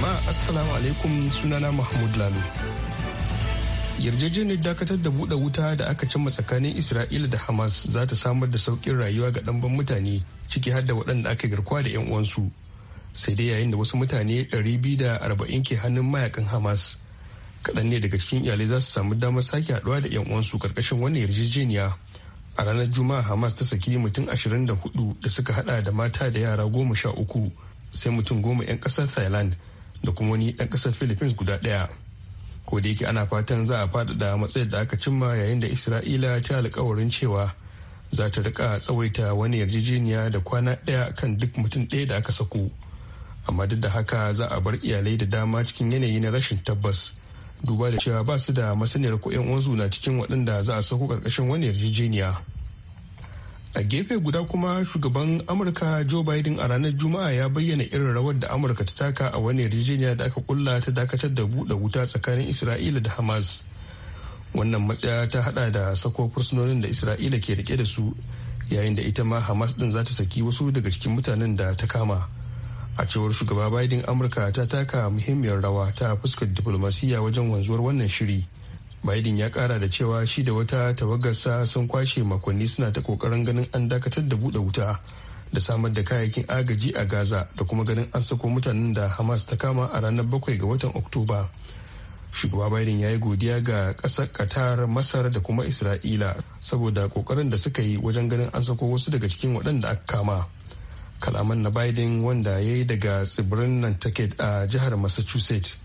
jama'a assalamu alaikum sunana mahmud lalu yarjejeniyar dakatar da buɗe wuta da aka cimma tsakanin isra'ila da hamas za ta samar da saukin rayuwa ga ɗanban mutane ciki har da waɗanda aka garkuwa da 'yan uwansu sai dai yayin da wasu mutane 240 ke hannun mayakan hamas kaɗan ne daga cikin iyalai za su samu damar sake haɗuwa da 'yan uwansu karkashin wannan yarjejeniya a ranar juma'a hamas ta saki mutum 24 da suka haɗa da mata da yara goma sha uku sai mutum goma 'yan ƙasar thailand da kuma wani ɗan ƙasar philippines guda ɗaya ko da yake ana fatan za a faɗaɗa matsayar da aka cimma yayin da isra'ila ta alkawarin cewa za ta rika tsawaita wani yarjejeniya da kwana ɗaya kan duk mutum ɗaya da aka sako amma duk da haka za a bar iyalai da dama cikin yanayi na rashin tabbas duba da cewa ba su da masaniyar ko 'yan uwansu na cikin waɗanda za a sako ƙarƙashin wani yarjejeniya a gefe guda kuma shugaban amurka joe biden a ranar juma'a ya bayyana irin rawar da amurka ta taka a wani yarjejeniya da aka kulla ta dakatar da buɗe wuta tsakanin isra'ila da hamas wannan matsaya ta hada da sako fursunonin da isra'ila ke rike da su yayin da ita ma hamas din za ta saki wasu daga cikin mutanen da ta kama a cewar shugaba biden amurka ta taka muhimmiyar rawa ta fuskar diflomasiya wajen wanzuwar wannan shiri biden ya kara da cewa shi da wata tawagarsa sun kwashe makonni suna ta kokarin ganin an dakatar da buɗe wuta da samar da kayayyakin agaji a gaza da kuma ganin an sako mutanen da hamas ta kama a ranar bakwai ga watan oktoba shugaba biden ya yi godiya ga ƙasar qatar masar da kuma isra'ila saboda kokarin da suka yi wajen ganin an sako wasu daga cikin waɗanda aka kama kalaman na biden wanda ya yi daga tsibirin nantucket a jihar massachusetts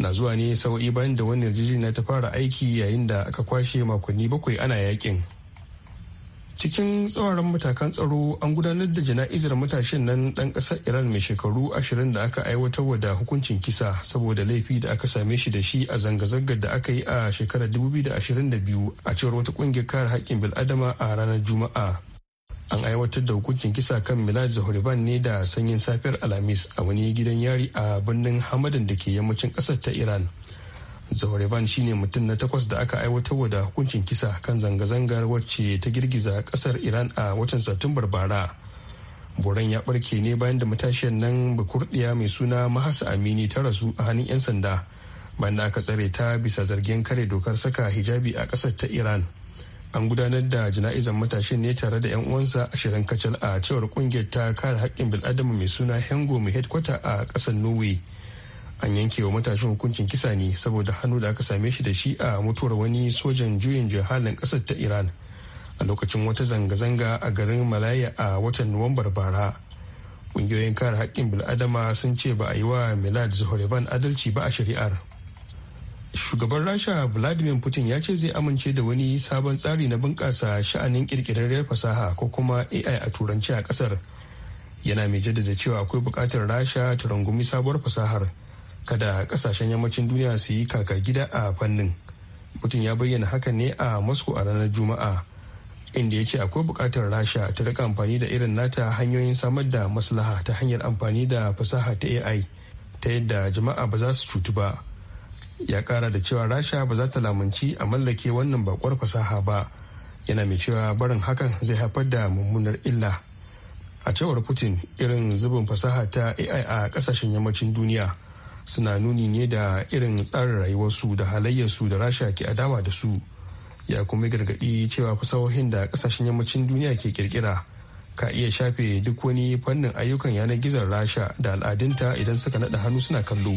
na zuwa ne sau'i bayan da wannan yarjejeniya ta fara aiki yayin da aka kwashe makonni bakwai ana yakin cikin tsawaran matakan tsaro an gudanar da jana'izar matashin nan dan kasar iran mai shekaru ashirin da aka aiwatar wa da hukuncin kisa saboda laifi da aka same shi da shi a zanga-zangar da aka yi a shekarar 2022 a cewar wata kungiyar kare haƙƙin bil'adama a ranar juma'a an aiwatar da hukuncin kisa kan milad zahuriban ne da sanyin safiyar alhamis a wani gidan yari a birnin hamadan da ke yammacin kasar ta iran zahuriban shine mutum na takwas da aka aiwatarwa da hukuncin kisa kan zanga-zangar wacce ta girgiza kasar iran a watan satumbar bara buran ya barke ne bayan da matashiyar nan bakurdiya mai suna mahasa amini ta rasu a hannun 'yan sanda bayan da aka tsare ta bisa zargin kare dokar saka hijabi a kasar ta iran an gudanar da jana'izar matashin ne tare da 'yan uwansa shirin kacal a cewar kungiyar ta kare haƙƙin bil'adama mai suna hengo mai headkwata a ƙasar norway an yanke wa matashin hukuncin kisa ne saboda hannu da aka same shi da shi a mutuwar wani sojan juyin jihalin ƙasar ta iran a lokacin wata zanga-zanga a garin malaya a watan nuwambar bara ƙungiyoyin kare haƙƙin bil'adama sun ce ba a yi wa milad zuhriban adalci ba a shari'ar shugaban rasha vladimir putin ya ce zai amince da wani sabon tsari na bunƙasa sha'anin ƙirƙirarriyar fasaha ko kuma ai a turanci a ƙasar yana mai jaddada cewa akwai buƙatar rasha ta rungumi sabuwar fasahar kada ƙasashen yammacin duniya su yi kaka gida a fannin putin ya bayyana hakan ne a moscow a ranar juma'a inda ya ce akwai buƙatar rasha ta rika amfani da irin nata hanyoyin samar da maslaha ta hanyar amfani da fasaha ta ai ta yadda jama'a ba za su cutu ba ya kara da cewa rasha ba za ta lamunci a mallake wannan bakwar fasaha ba yana mai cewa barin hakan zai haifar da mummunar illa a cewar putin irin zubin fasaha ta ai a kasashen yammacin duniya suna nuni ne da irin tsarin rayuwarsu da halayyarsu da rasha ke adawa da su ya kuma gargaɗi cewa fasahohin da kasashen yammacin duniya ke kirkira ka iya shafe duk wani fannin ayyukan yanar gizon rasha da al'adunta idan suka naɗa hannu suna kallo.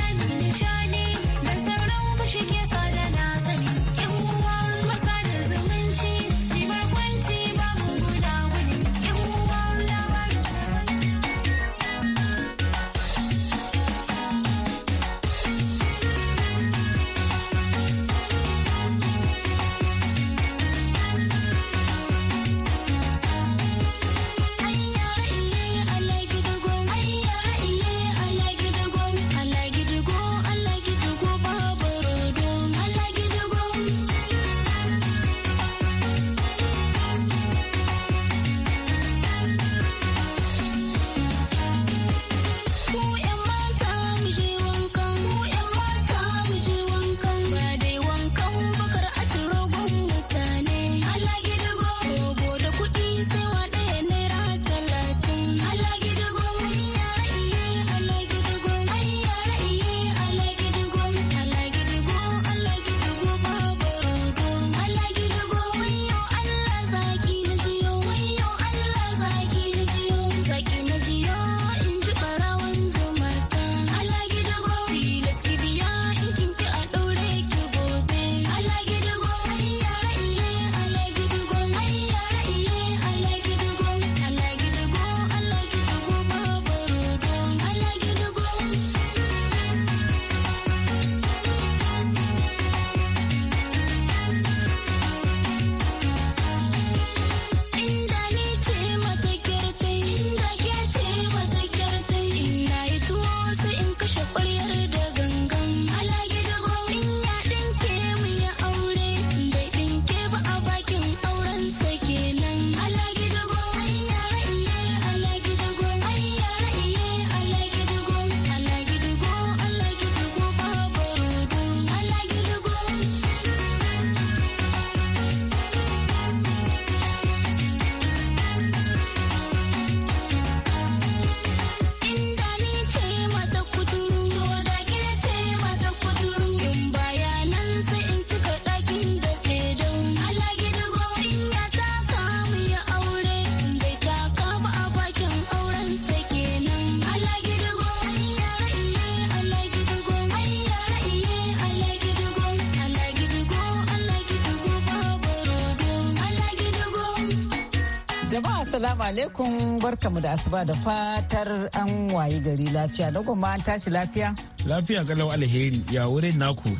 Assalamu alaikum barkamu da asuba da fatar an wayi gari lafiya da kuma an tashi lafiya. Lafiya galau alheri ya wurin naku.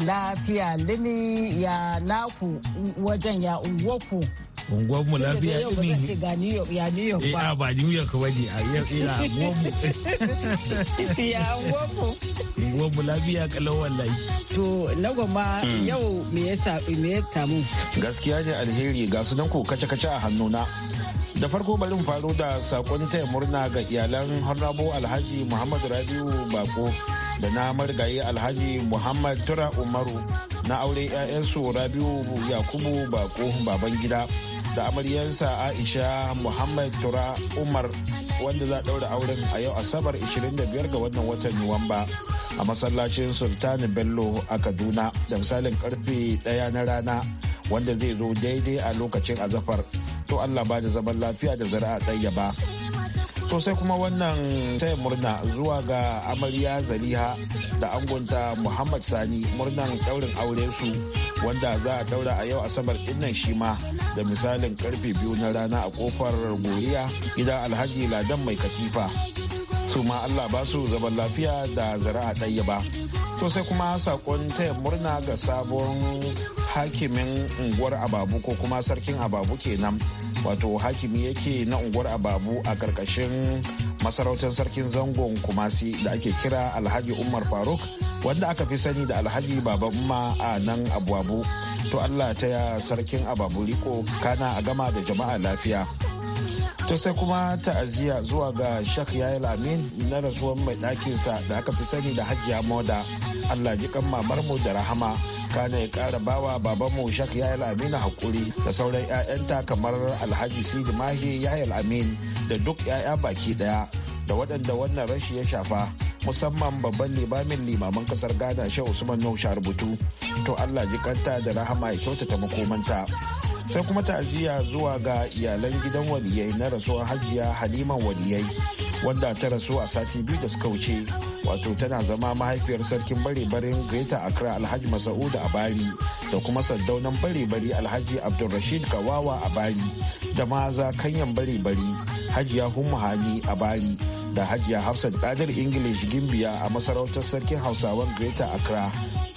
Lafiya lini ya naku wajen ya unguwaku. Unguwanmu lafiya lini. Ga ya New York eh, ba. Eh ba New York ba ne a yau ina unguwanmu. Ya unguwanmu. Unguwarmu lafiya galau wallahi. To na goma hmm. yau me ya samu. Gaskiya ne alheri ga sunan ku kaca kace-kace a hannuna. da farko bari mu faro da sakon taya murna ga iyalan harnabo alhaji muhammad rabiu bako da na marigayi alhaji muhammad tura umaru na aure 'ya'yansu rabiu yakubu bako baban gida da amaryarsa aisha muhammad tura umar wanda za daura auren a yau asabar 25 ga wannan watan nuwamba a masallacin sultani bello a kaduna da misalin karfe 1 na rana wanda zai zo daidai a lokacin azafar to Allah ba da zaman lafiya da zara'a tsayyaba to sai kuma wannan taya murna zuwa ga amarya zaliha da angonta muhammad sani murnan daurin aure su wanda za a daura a yau asabar dinnan shi ma da misalin karfe biyu na rana a kofar goriya gida alhaji ladan mai katifa su ma Allah ba su zaman lafiya da zara'a ɗaya ba. To sai kuma saƙon taya murna ga sabon hakimin unguwar Ababu ko kuma sarkin Ababu kenan. Wato hakimi yake na unguwar Ababu a ƙarƙashin masarautar sarkin zangon Kumasi da ake kira Alhaji Umar Faruk wanda aka fi sani da Alhaji Baba Umma a nan ababu To Allah ta ya sarkin Ababu riko kana a gama da jama'a lafiya. ta sai kuma ta'aziyya zuwa ga Sheikh Yayil Amin na rasuwar mai ɗakinsa da aka fi sani da Hajiya Moda. Allah ji kan mu da rahama. Kana ya kara bawa babanmu Sheikh Yayil Amin hakuri da sauran 'ya'yanta kamar Alhaji Sidi Mahi Yayil Amin da duk 'ya'ya baki ɗaya da waɗanda wannan rashi ya shafa. musamman babban limamin limaman kasar ghana shehu usman nuhu rubutu to allah ji kanta da rahama ya kyautata makomanta sai kuma ta'aziyya zuwa ga iyalan gidan waliyai na rasuwar hajiya halima waliyai wanda ta rasu a sati biyu da suka wuce wato tana zama mahaifiyar sarkin bare-baren greta accra alhaji masa'udu a bari da kuma sardaunan bare-bari alhaji abdulrashid kawawa a bari da maza kanyan bare-bari hajiya humma hani a bali da hajiya hafsat kadir english gimbiya a masarautar sarkin hausawan greta accra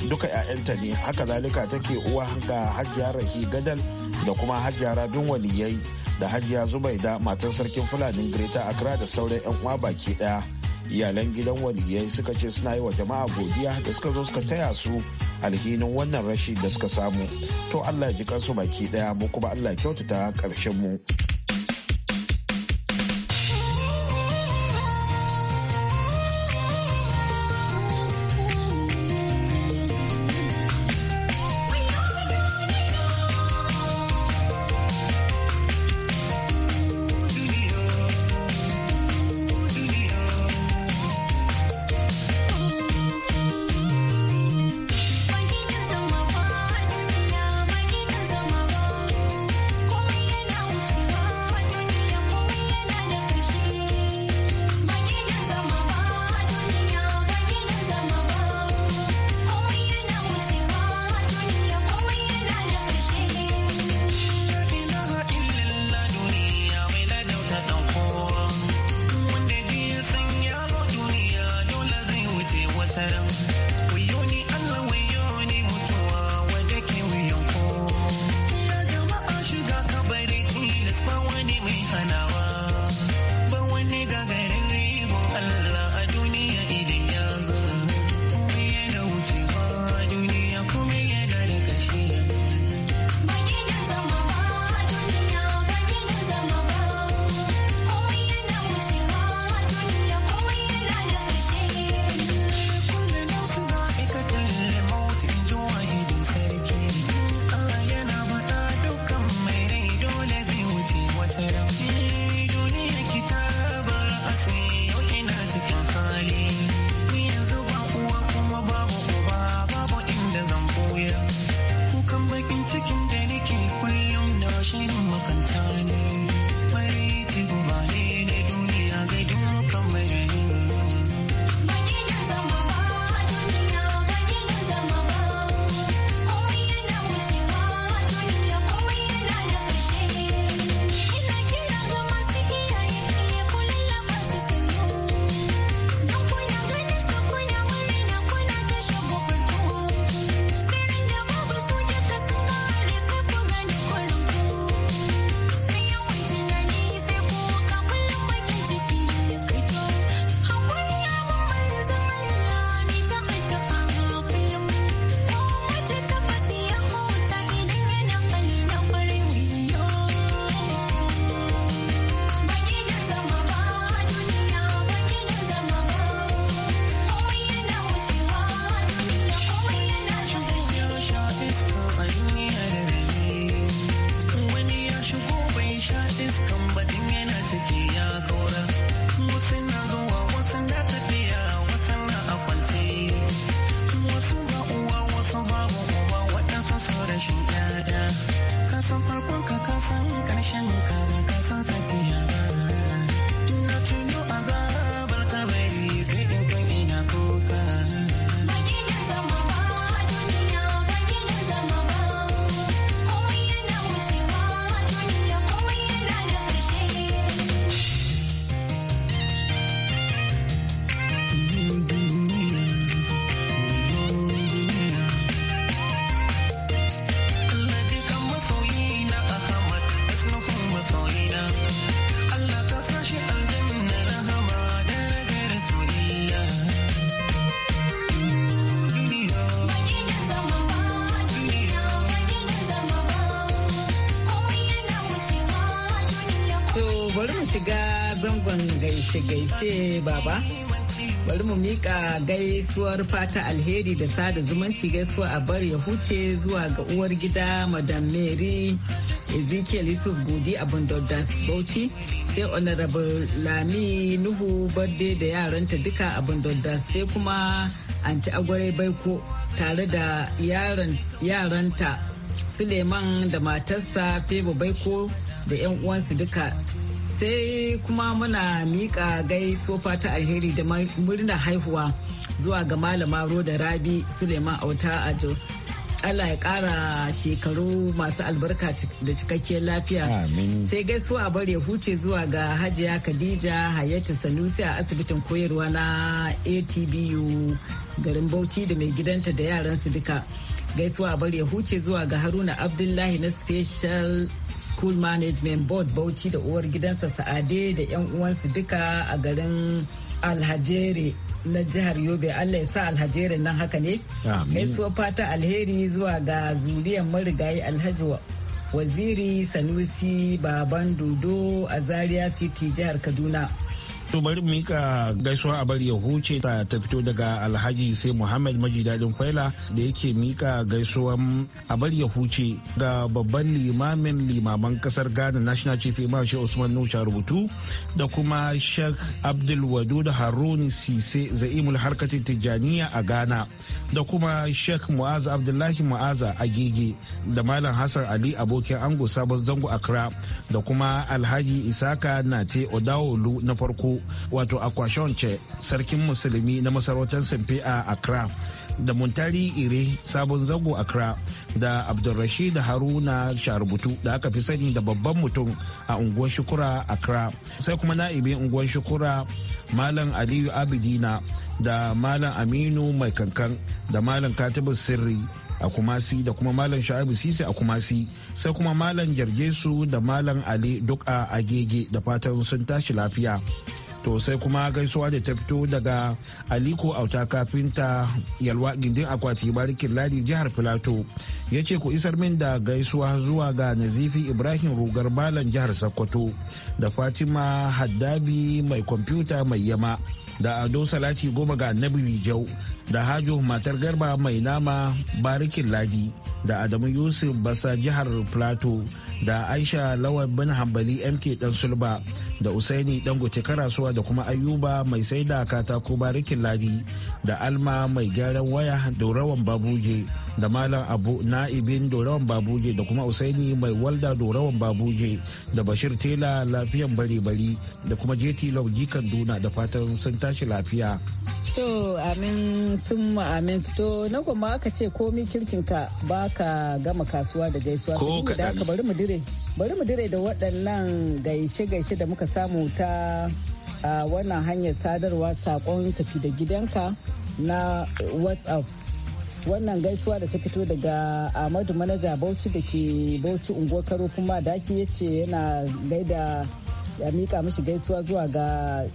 duka 'ya'yanta ne haka zalika take uwa ga hajiya rahi gadal da kuma hajjara rabin waliyai da hajiya zubaida matar sarkin fulanin greta accra da sauran 'yan uwa baki daya iyalan gidan waliyai suka ce suna yi wa jama'a godiya da suka zo suka taya su alhinin wannan rashi da suka samu to allah ya ji kansu baki daya mu kuma allah kyautata karshen mu gaishe baba. Bari mu miƙa gaisuwar fata alheri da sada zumunci gaisuwa a bar ya huce zuwa ga uwar gida Madam Mary Ezekiel Yusuf Gudi a Bundodas Bauchi sai Honorable Lami Nuhu Barde da yaranta duka a Bundodas sai kuma Anti Agware Baiko tare da yaranta Suleiman da matarsa Febo Baiko da 'yan uwansu duka sai kuma muna miƙa sofa ta alheri da murnar haihuwa zuwa ga malama roda rabi suleiman auta a jos Allah ya ƙara shekaru masu albarka da cikakkiyar lafiya. Sai gaisuwa ya huce zuwa ga Hajiya Khadija Hayatu Sanusi a asibitin koyarwa na ATBU garin Bauchi da mai gidanta da yaran yaransu duka. Gaisuwa ya huce zuwa ga Haruna Abdullahi na Special school management board bauchi da uwar gidansa sa'ade da 'yan uwansu duka a garin alhajere na jihar yobe allah ya sa alhajere nan haka ne suwa fata alheri zuwa ga zuriyar marigayi alhaji waziri sanusi baban dodo a zaria city jihar kaduna To bari mu ka gaisuwa a ya huce ta ta fito daga Alhaji sai Muhammad Maji Dadin Kwaila da yake mika gaisuwan a bari ya huce ga babban limamin limaman kasar Ghana National Chief Imam shi Usman nusha rubutu da kuma Sheikh Abdul Wadud Harun Sise Zaimul harkati Tijjaniya a Ghana da kuma Sheikh mu'aza Abdullahi Mu'aza a Gege da Malam Hassan Ali abokin ango sabon zango a Accra da kuma Alhaji Isaka na Nate Odawolu na farko wato akwashonce sarkin musulmi na masarautar simfe a accra da muntari ire sabon zango accra da da haruna sharubutu da aka fi sani da babban mutum a unguwar shukura accra sai kuma na'ibin unguwar shukura malam aliyu abidina da malam aminu mai kankan da malam katibin sirri a kumasi da kuma malam sha'abu sisi a kumasi sai kuma malam jirgesu da malam ali duk a agege da fatan sun tashi lafiya to sai kuma gaisuwa da ta fito daga aliko auta kafinta yalwa gindin akwati barikin ladi jihar filato ya ce ku isar min da gaisuwa zuwa ga nazifi ibrahim rugar balan jihar sokoto da fatima haddabi mai kwamfuta mai yama da ado salati goma ga annabi jau da hajo matar garba mai nama barikin ladi da adamu yusuf basa jihar plateau da aisha lawan bin hambali mk dan sulba da usaini dangote karasuwa da kuma ayuba mai saida katako barikin ladi da alma mai gyaran waya dorawan babuje da malam abu na'ibin dorawan babuje da kuma usaini mai walda dorawan babuje da bashir tela lafiyan bari bari da kuma jeti jikan duna da fatan sun tashi lafiya to amin sun amin to na kuma aka ce komi kirkinka ba aka gama kasuwa da gaisuwa ko da aka bari mu dire bari mu dire da waɗannan gaishe-gaishe da muka samu ta wannan hanyar sadarwa sakon tafi da gidanka na whatsapp wannan gaisuwa da ta fito daga ahmadu manaja bauchi da ke bauchi unguwar karo kuma daki ya ce yana gaida ya mika mashi gaisuwa zuwa ga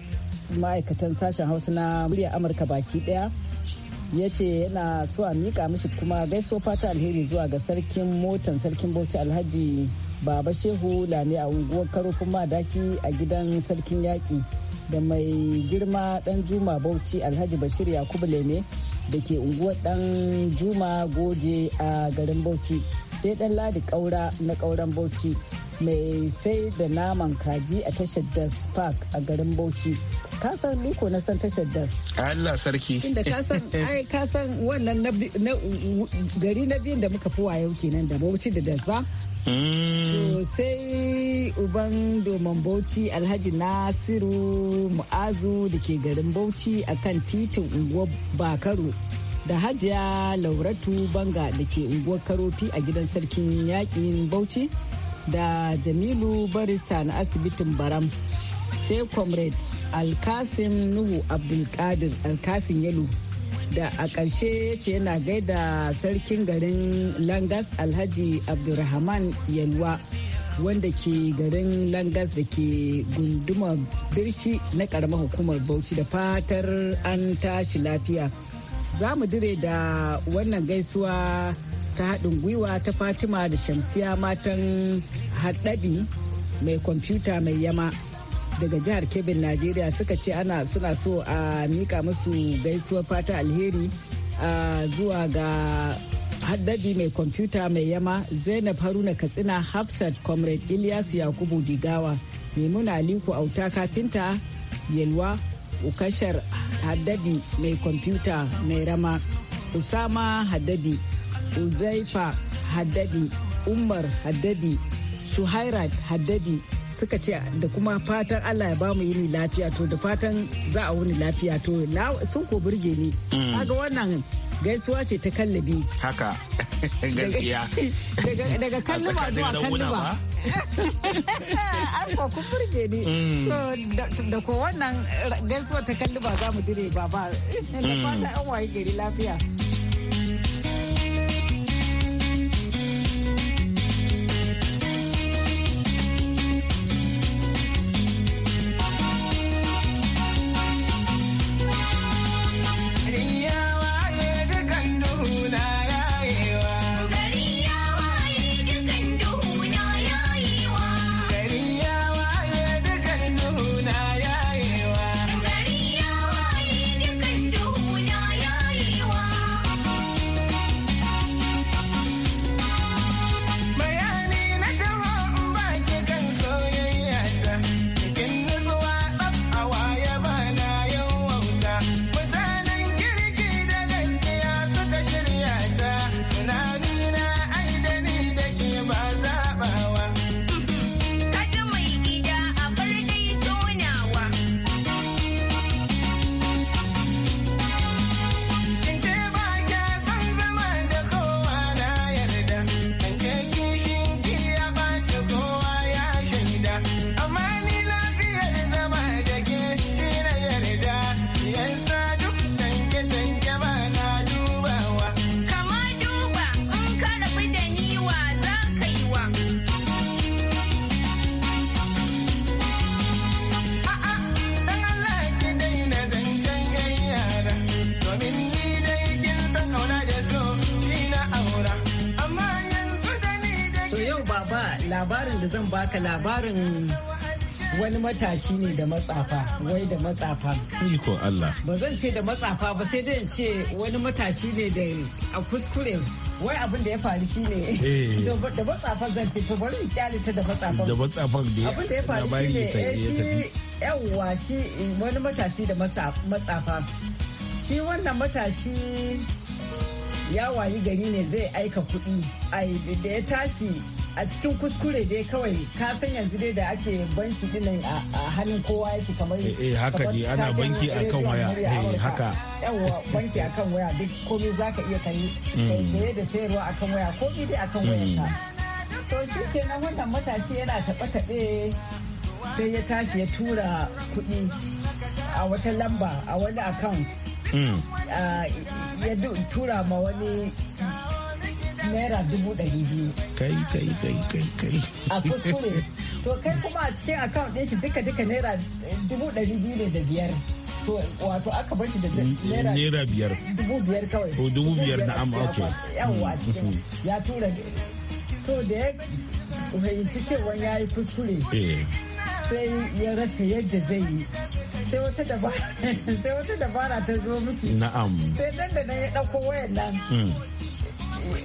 ma'aikatan sashen hausa na muryar amurka baki daya ya ce yana so a miƙa mishi kuma gaisuwa fata alheri zuwa ga sarkin motan sarkin bauchi alhaji baba shehu lami a unguwar karofin madaki a gidan sarkin yaƙi da mai girma dan juma bauchi alhaji bashir yakubu leme da ke unguwar dan juma goje a garin bauchi sai dan ladi kaura na kauran bauchi mai sai da naman kaji a tashar das park a garin bauchi kasan liko na san tashar das allah sarki inda kasan ai kasan wannan na gari na biyun da muka fi wayo kenan da bauchi da das ba mm. sai uban domin bauchi alhaji nasiru mu'azu da ke garin bauchi a kan titin unguwar bakaro da hajiya lauratu banga da ke unguwar karofi a gidan sarkin yakin bauchi da jamilu barista na asibitin baram sai comrade alkasim nuhu abdulkadir alkasim yalu da a ƙarshe yace ce yana gaida sarkin garin langas alhaji abdulrahman yalwa wanda ke garin langas da ke gundumar birci na ƙaramar hukumar bauchi da fatar an tashi lafiya za mu dire da wannan gaisuwa ta haɗin gwiwa ta fatima da shamsiya matan haɗaɗi mai kwamfuta mai yama daga jihar kebin najeriya suka ce ana suna so a mika musu gaisuwar fata alheri zuwa ga haddadi mai kwamfuta mai yama zainab haruna katsina hafsat comrade ilyasu yakubu digawa maimuna aliku auta kafinta yelwa ukashar haddabi mai kwamfuta mai rama usama haddabi uzaifa haddadi umar haddadi suhairat haddadi suka ce da kuma fatan Allah ya mu yini lafiya to da fatan za a wuni lafiya to sun ko burge ni mm. kaga wannan gaisuwa ce ta kallabi haka gaskiya daga kalluba zuwa kalluba an ko kun burge ni mm. da ko wannan gaisuwa ta kalluba za mu dire ba ba mm. da fatan an waye gari lafiya baka labarin wani matashi ne da matsafa wai da matsafa iko Allah ba zan ce da matsafa ba sai dai ce wani matashi ne da a kuskure wai abin da ya faru shine eh. da matsafa zan ce to bari in kyale ta da matsafa da matsafa da abin da ya faru shine yawa eh, shi wani matashi da matsafa shi wannan matashi ya wayi gari ne zai aika kuɗi da ya tashi a cikin kuskure dai kawai ka san yanzu dai da ake banki din a hannun kowa yake kamar eh, eh haka ji ana banki a kan waya eh haka yawa banki akan waya duk komai ka iya mm. kai saye da sayarwa akan waya komai dai akan mm. wayarka to shi kenan wannan matashi yana taɓe taɓe sai ya tashi ya tura kuɗi a wata lamba a wani account mm. ah, ya tura ma wani naira dubu ɗari biyu. Kai kai kai kai kai. A kuskure. To kai kuma a cikin account ɗin shi duka duka naira dubu ɗari biyu ne da biyar. wato aka bar shi da naira biyar. Dubu biyar kawai. O dubu biyar na am ok. Yawwa mm, mm, mm. ya tura. To da ya fahimci cewa ya yi kuskure. Eh. Sai ya rasa yadda zai yi. sai wata dabara sai wata dabara ta zo miki na'am sai dan da nan ya dauko wayar nan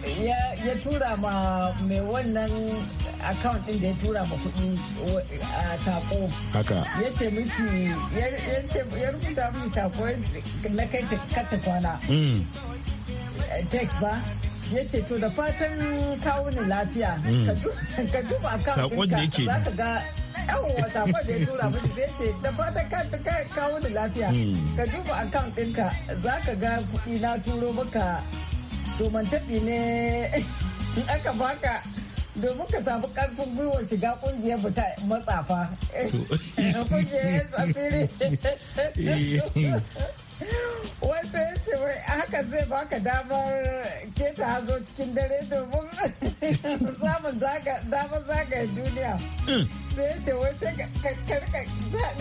ya tura ma mai wannan account din da ya tura ma kuɗi a tako haka ya ce mishi ya rubuta mishi tako na kai ta kata kwana mm. eh, text ba ya ce to da fatan kawo ni lafiya mm. ka duba account ka za ka ga yawon safa da ya tura mishi zai ce da fatan ka ta kawo da lafiya mm. ka duba din ka za ka ga kudi na turo maka domin ne in aka baka domin ka samu karfin gwiwar shiga kungiyar ta matsafa kungiyar asiri hakan zai baka damar keta hazo cikin dare domin samun damar zagaya duniya. Mm. Sai ce wai sai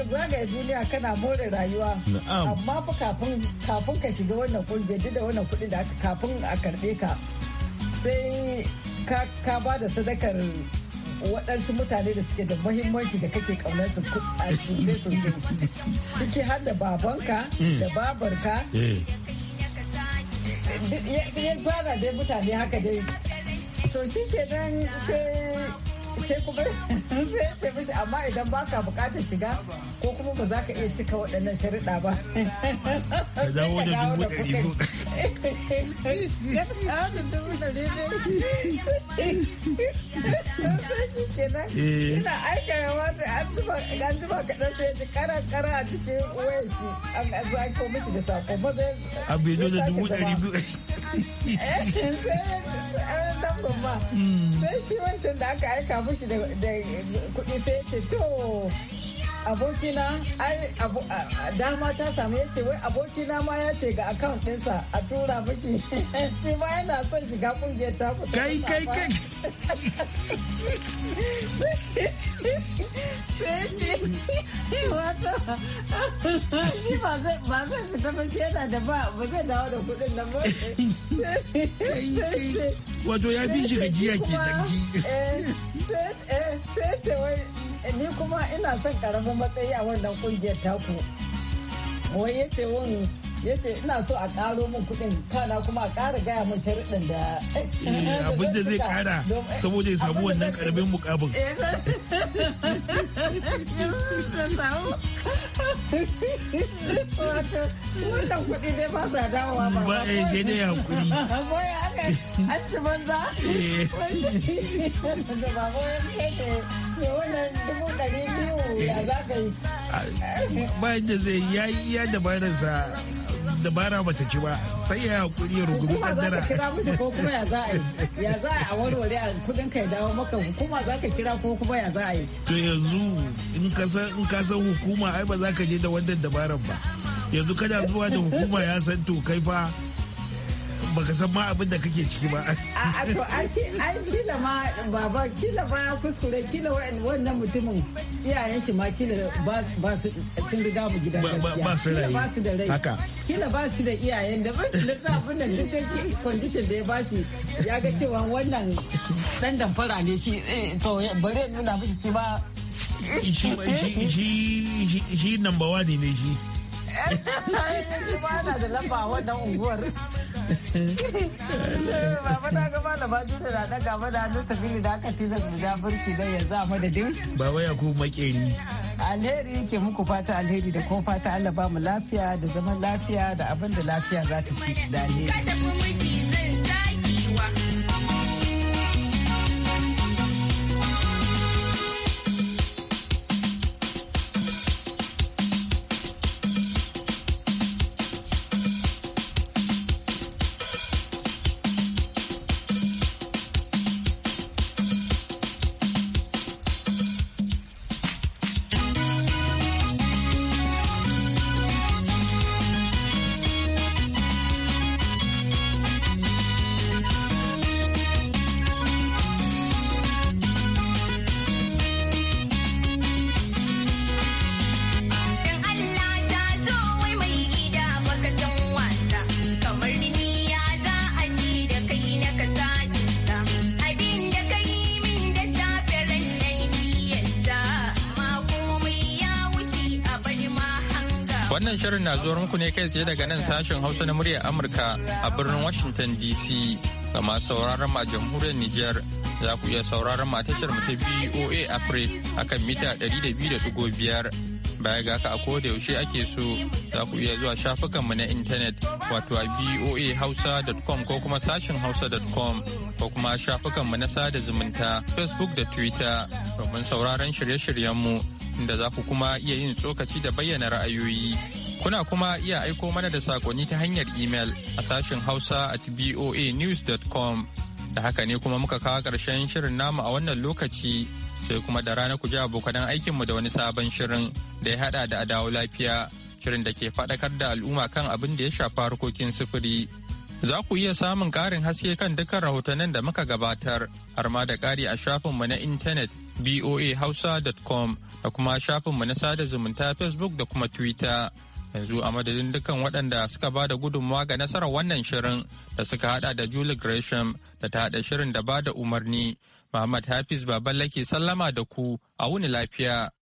zagaya duniya kana more rayuwa. Amma fa kafin ka shiga wannan kungiyar duk da wannan kudi da aka kafin a karɓe ka. Sai ka ba da sadakar waɗansu mutane da suke da mahimmanci da kake ƙaunar su a sosai sosai. Suke har da babanka mm. da babarka eh. ya zana dai mutane haka dai to shi kenan sai sai kuma sai ce mishi amma idan baka bukatar shiga ko kuma ba za ka iya cika waɗannan sharuɗa ba. Ka dawo da dubu ɗari ko. Eh. Ina aika yawa an zuba an zuba kaɗan sai ji a cikin wayan shi an mishi da sako ba zai. da dubu ɗari biyu. Eh, sai hmm. Sai shi wancan da aka aika musu da kuɗi sai to abokina ai dama ta samu ya ce wai abokina ma ya ce ga account ɗinsa a tura mishi shi ma yana son shiga kungiyar ta kuta kai kai kai sai ce wata shi ba zai fita ba shi yana da ba ba zai dawo da kuɗin nan ba wato ya bi shi ga giya ke dangi sai ce wai ni kuma ina son karamin matsayi a wannan kungiyar taku wai ya wani ya ce ina so a karo min kuɗin kana kuma a ƙara gaya min sharuɗin da eh, abin da zai ƙara saboda ya samu wannan ƙaramin mukabin eh, wannan kuɗi dai ba sa dawowa ba ba eh, sai dai an ci banza da ba ya za yi ah, bayan da zai dabara ba ta ci ba sai ya hakuri ya rugumi kaddara. Hukuma za ka kira musu ko kuma ya za a yi ya za a warware a kudin kai dawo maka hukuma za ka kira ko kuma ya za a yi. To yanzu in ka san in ka san hukuma ai ba za ka je da wannan dabaran ba. Yanzu kana zuwa da hukuma ya san to kai fa baka san ma abin da kake ciki ba a to an kila ma baba kila ma ya kuskure kila wannan mutumin iyayen shi ma kila ba su sun riga mu gidan ba su rai ba su da rai haka kila ba su da iyayen da ba su da abin da duk da condition da ya ba shi ya ga cewa wannan dan damfara ne shi eh, to bare nuna mishi shi ba shi shi shi number one ne shi Ba da lamba a wannan unguwar. Baba na ga malama Juna na daga mana hannun sabili da aka tilas mu da burki dan yanzu a madadin. Baba ya kuma makeri. alheri ke muku fata alheri da kuma fata Allah ba mu lafiya da zaman lafiya da abin da lafiya za ta ci da alheri. Wannan shirin na zuwa muku ne kai tsaye daga nan sashen Hausa na muryar Amurka a birnin Washington DC. Ga masu sauraron ma jamhuriyar Nijar za ku iya sauraron ma tashar mu ta BOA Africa akan mita 200.5 Baya ga ka a koda yaushe ake so za ku iya zuwa shafukanmu na intanet wato a hausa.com ko kuma sashin hausa.com ko kuma shafukanmu na sada zumunta Facebook da Twitter domin sauraron shirye-shiryenmu inda za ku kuma iya yin tsokaci da bayyana ra'ayoyi. Kuna kuma iya aiko mana da sakonni ta hanyar email a sashin hausa at news.com Da haka ne kuma muka kawo ƙarshen shirin namu a wannan lokaci sai kuma da rana ku ji abokanan aikinmu da wani sabon shirin. da ya hada da adawo lafiya shirin da ke faɗakar da al'umma kan abin da ya shafa harkokin sufuri. Za ku iya samun karin haske kan dukkan rahotannin da muka gabatar har ma da kari a shafinmu na intanet boahausa.com da kuma shafinmu na sada zumunta Facebook da kuma Twitter. Yanzu a madadin dukkan waɗanda suka ba da gudunmawa ga nasarar wannan shirin da suka hada da Julie Gresham da ta haɗa shirin da ba da umarni. Muhammad Hafiz Baballake sallama da ku a wuni lafiya.